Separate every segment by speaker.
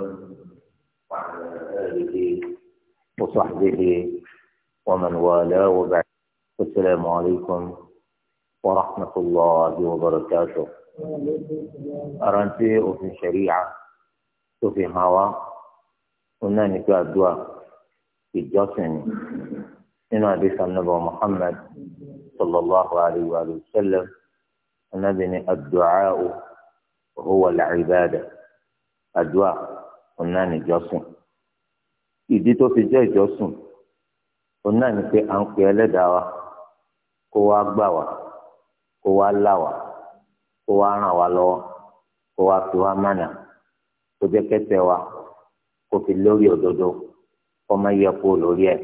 Speaker 1: وعلى آله وصحبه ومن والاه وبعد السلام عليكم ورحمة الله وبركاته أرانتي وفي الشريعة وفي هوا قلنا نتوى الدعاء في الجسن من حديث النبي محمد صلى الله عليه وآله وسلم النبي الدعاء هو العبادة الدعاء òun náà nìjọsìn ìdí tó fi jẹ́ ìjọsìn òun náà ni pé à ń pe ẹlẹ́dàá wa kó wá gbà wá kó wá là wá kó wá ràn wá lọ́wọ́ kó wá fi wá kó jẹ́ kẹsẹ̀ wa kó fi lórí òdodo yẹ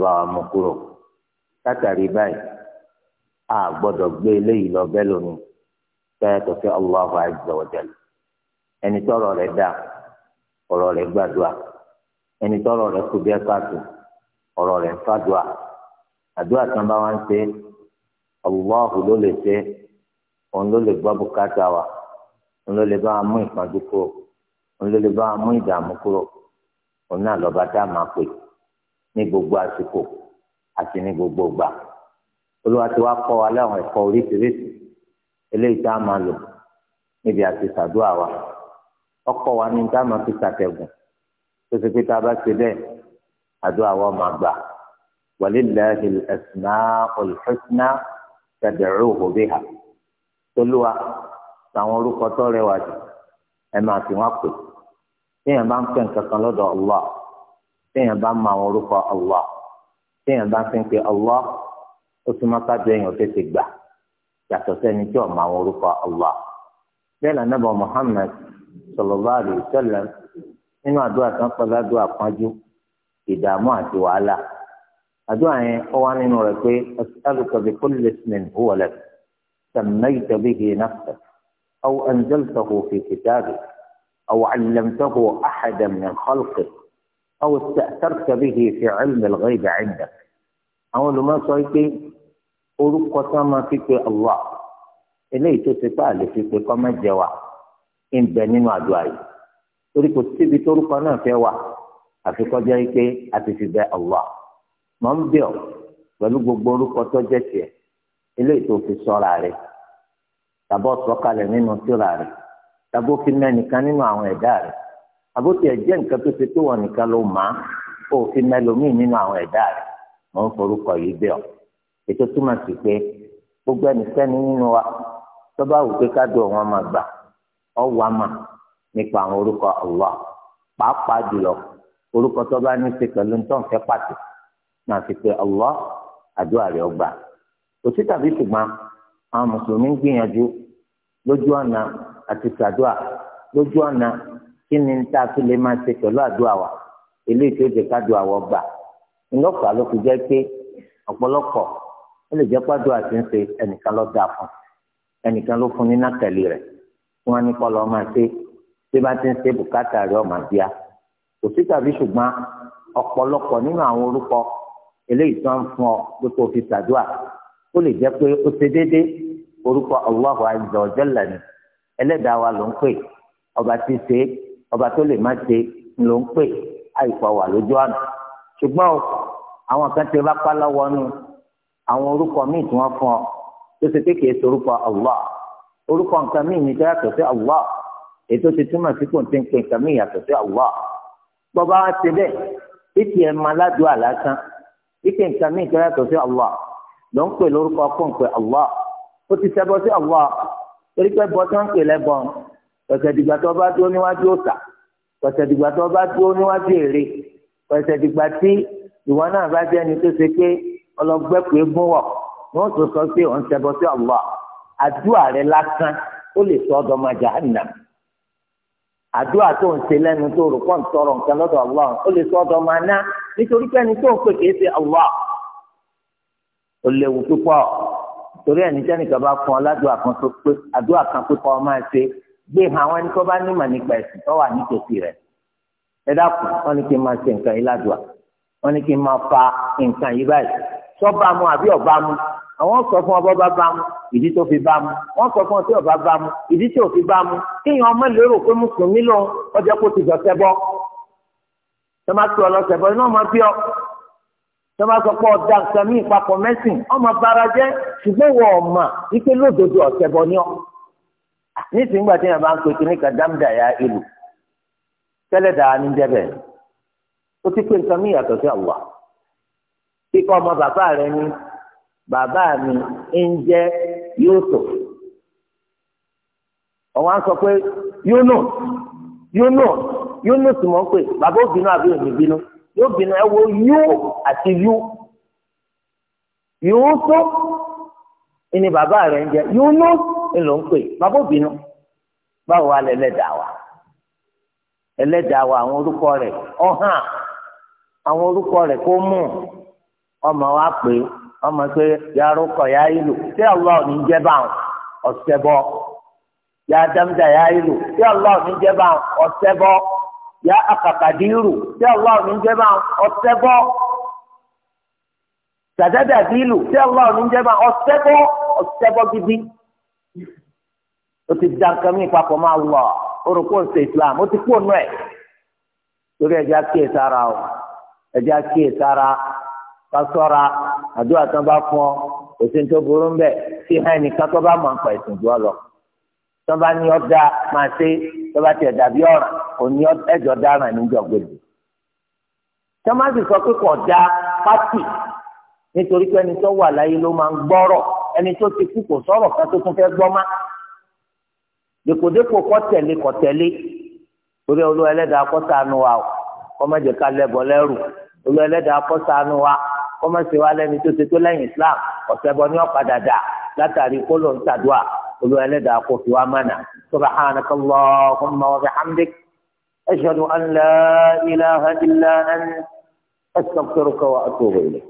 Speaker 1: wa mú kúrò látàrí báyìí a gbọ́dọ̀ gbé eléyìí lọ bẹ́ẹ̀ lónìí. sáyàtọ̀ sí Allahu azza wa jalla ẹni tọ́rọ̀ rẹ̀ dá ọ̀rọ̀ rẹ̀ gbàdúrà ẹni tọ́rọ̀ rẹ̀ kú bí ẹ káàtó ọ̀rọ̀ rẹ̀ fàdúrà àdúrà tán bá wá ń ṣe Allahu ló lè ṣe òun ló lè gbọ́ bùkátà wa òun ló lè bá wa mú ìpọ́njú kúrò òun ló lè bá wa mú ìdààmú kúrò òun náà lọ́ba dá máa pè ní gbogbo àsìkò àti ní gbogbo gbà olúwa ti kọ́ wa láwọn ẹ̀kọ́ oríṣiríṣi eléyìí tá a máa lò níbi àti ṣàdúrà wa ọkọ wa ní tá a máa fi ṣàtẹ̀gùn tó ṣe pé tá a bá ṣe bẹ́ẹ̀ àdúrà wa máa gbà walillahil asmaul husna tad'uhu biha tolúwa táwọn orúkọ tó rẹwà jù ẹ máa fi wọn pè téèyàn bá ń pè nǹkan kan lọ́dọ̀ Allah téèyàn bá ń mọ àwọn orúkọ Allah téèyàn bá ń fi ń ó tún máa ká ju èèyàn tètè gbà yàtọ̀ sẹ́ni tí ọ̀ma àwọn orúkọ Allah bẹ́ẹ̀ lọ nàbọ̀ Muhammad sallallahu alaihi wasallam nínú àdúrà tán pẹ̀lú àdúrà pọ́njú ìdààmú àti wàhálà àdúrà yẹn ó wá nínú rẹ̀ pé as'aluka bi kulli ismin huwa lak sammayta bihi nafsak aw anzaltahu fi kitabik أو علمته أحدا من خلقك أو استأثرت به في علم الغيب عندك أو لما صيتي orúkọ tí wọn máa fi pe Allah eléyìí tó ti pa àlè fi pe kọ́ máa jẹ wa ń bẹ nínú àdúrà yìí torí kò síbi tórúkọ náà fẹ́ wà àfi kọjá yìí pé a ti fi bẹ Allah mọ̀ ń bẹ̀ ọ́ pẹ̀lú gbogbo orúkọ tó jẹ́ tiẹ̀ eléyìí tó fi sọ́ra rẹ̀ tàbọ̀ sọ́kalẹ̀ nínú síra rẹ̀ tàbó fi mẹ́nìkan nínú àwọn ẹ̀dá rẹ̀ àbó tiẹ̀ jẹ́ nǹkan tó ti tó wọn nìkan ló máa ó fi mẹ́lòmíì nínú àwọn ẹ̀dá rẹ̀ mọ̀ ń forúkọ yìí bẹ̀ ọ́. ètò túmọ̀ sí pé gbogbo ẹnikẹ́ni nínú wa tó bá wù pé ká dùn wọn máa gbà ọ wà mà nípa àwọn orúkọ Allah pàápàá jùlọ orúkọ tó bá ní í ṣe pẹ̀lú tó ń pàtó máa fi pé Allah àdúrà rẹ̀ ọgbà kò sí tàbí ṣùgbọ́n àwọn mùsùlùmí ń gbìyànjú lójú ni tá a fi lè máa ṣe pẹ̀lú àdúà wa eléyìí tó jẹ́ ká gbà ńlọ́pàá ó lè jẹ́ pàdó àti ń ṣe ẹnìkan ló dáa fún ẹnìkan ló fún ní nákàlí rẹ̀ tí wọ́n ní kọ́ lọ́ọ́ máa ṣe tí bá ti ń ṣe bùkátà rẹ̀ ọ̀mà bíá kò sí tàbí ṣùgbọ́n ọ̀pọ̀lọpọ̀ nínú àwọn orúkọ eléyìí tó ń fún ọ pé kò fi ṣàdúà ó lè jẹ́ pé ó ṣe déédéé orúkọ Allahu azza wa jalla ni ẹlẹ́dàá wa ló ń pè ọba tí ṣe ọba tó lè má ṣe ló ń pè àìpọ̀ wà lójú àná ṣùgbọ́n àwọn kan ti rápá lọ́wọ́ nù àwọn orúkọ míì tí wọ́n fún ọ tó ṣe pé kìí ṣe orúkọ Allah orúkọ nǹkan míì ní yàtọ̀ sí Allah ètò ti túmọ̀ sí kò ń pè nǹkan míì yàtọ̀ sí Allah bọ́ba wa ṣe bẹ́ẹ̀ títí ẹ̀ máa ládùúgbò àlásán títí nǹkan míì tó yàtọ̀ sí Allah ló ń pè lórúkọ kó ń pè Allah ó ti ṣẹbọ sí Allah torí pé bọ́ tó ń pè lẹ́bọn ọ̀sẹ̀ dìgbà tó bá dúró níwájú òòtà ọ̀sẹ̀ dìgbà tó bá dúró níwájú èrè ọ̀sẹ̀ dìgbà tí ìwọ náà bá jẹ́ ẹni tó ṣe pé ọlọgbẹ́pẹ́ gún wọ̀ wọ́n tún sọ pé òun ṣẹbọ sí Allah àdúrà rẹ lásán ó lè sọ ọdọ ọmọ jahannam àdúrà tó ń ṣe lẹ́nu tó rò pọ̀ ń tọrọ nǹkan lọ́dọ̀ Allah ó lè sọ ọdọ ọmọ aná nítorí pé ẹni tó ń pè kìí ṣe Allah ó léwu púpọ̀ torí ẹni tẹ́ni kan bá fún ọ ládùúgbà kan tó pé àdúrà kan pípa ọ máa ṣe gbé hàn e àwọn ẹni tó bá nímọ̀ nípa ẹ̀sìn tó wà nítòsí rẹ̀ ẹ dákun wọ́n ní kí n máa ṣe nǹkan yìí ládùúgbà wọ́n ní kí n máa fa nǹkan yìí báyìí sọ́ba mu àbí ọ̀ba mu àwọn sọ fún ọba bá bá mu ìdí tó fi bá mu wọ́n sọ fún ọtí ọba bá mu ìdí tí ò fi bá mu kéèyàn ọmọ lérò pé mùsùlùmí lòun ọjọ́ kó ti dọ̀tẹ́ bọ́ tọ́ máa tu ọlọ́sẹ̀ bọ́ iná máa bí ọ tọ́ máa sọ pé ọ̀dà nǹkan mí ìpapọ̀ mẹ́sìn ọmọ bára jẹ́ ṣùgbọ́n wọ ọ̀mà wípé lódodo ọ̀tẹ̀ bọ́ ni ọ. nísìnyí gbà tí yẹn bá ń pe kínní kan dámdà ya ìlú tẹ́lẹ̀ dáa ní jẹ́bẹ̀ ó ti pé nǹkan mí ìyàtọ̀ sí àwùwà kíkọ́ ọmọ bàbá rẹ ní bàbá mi ń jẹ́ Yusuf ọ̀wọ́n á sọ pé Yunus Yunus Yunus mọ̀ pé bàbá obìnrin àbí òní bínú yóò bínú ẹ wo yú àti yú Yusuf ìní bàbá rẹ ń jẹ Yunus ńlọ ń pè bàbá obìnrin báwo wà lẹ́lẹ́dàá wa ẹlẹ́dàá wa àwọn orúkọ rẹ̀ ọ̀hán àwọn orúkọ rẹ̀ kó mú un. ọmọ wa pè ọmọ pé yàrá kọ yà á ìlú tí Allah ní jẹ́ báwọn ọ̀sẹ̀ bọ́ yà dámdà yà á ìlú tí Allah ní jẹ́ báwọn ọ̀sẹ̀ bọ́ yà àkàkàdírù tí Allah ní jẹ́ ọ̀sẹ̀ bọ́ tí ní gidi o ti nǹkan mi o ṣe Islam o ti kó o ká sọ́ra àdúrà tán bá fún ọ òsè tó burú ń bẹ̀ fi hàn nìkan tó bá mọ̀ nípa ẹ̀sìn jù ọ lọ tó bá ní ọ̀dà máa ṣe tó bá tiẹ̀ dàbí ọ̀ràn kò ní ẹ̀jọ̀ dáràn níjọ gbèdè tó má sì sọ pé kò dá pátì nítorí pé ẹni tó wà láyé ló máa ń gbọ́rọ̀ ẹni tó ti kú kò sọ̀rọ̀ ká tó tún fẹ́ gbọ́ má dèkòdèkò kọ́ tẹ̀lé kọ́ tẹ̀lé torí olú ẹlẹ́dàá kọ́ ṣàánú wa o kọ́ ká lẹ́bọ̀ lẹ́rù olú ẹlẹ́dàá kọ́ ṣàánú wa kọ́mọ̀ sí wa lẹ́ni tó ṣe tó lẹ́yìn islam ọ̀sẹ̀ bọ́ ní ọ̀padà dà látàrí kóló ń tàdúà olú ẹlẹ́dàá kò fi wá mánà subhanaka allahumma wa bihamdik ashhadu an la ilaha illa anta astaghfiruka wa atubu ilayk.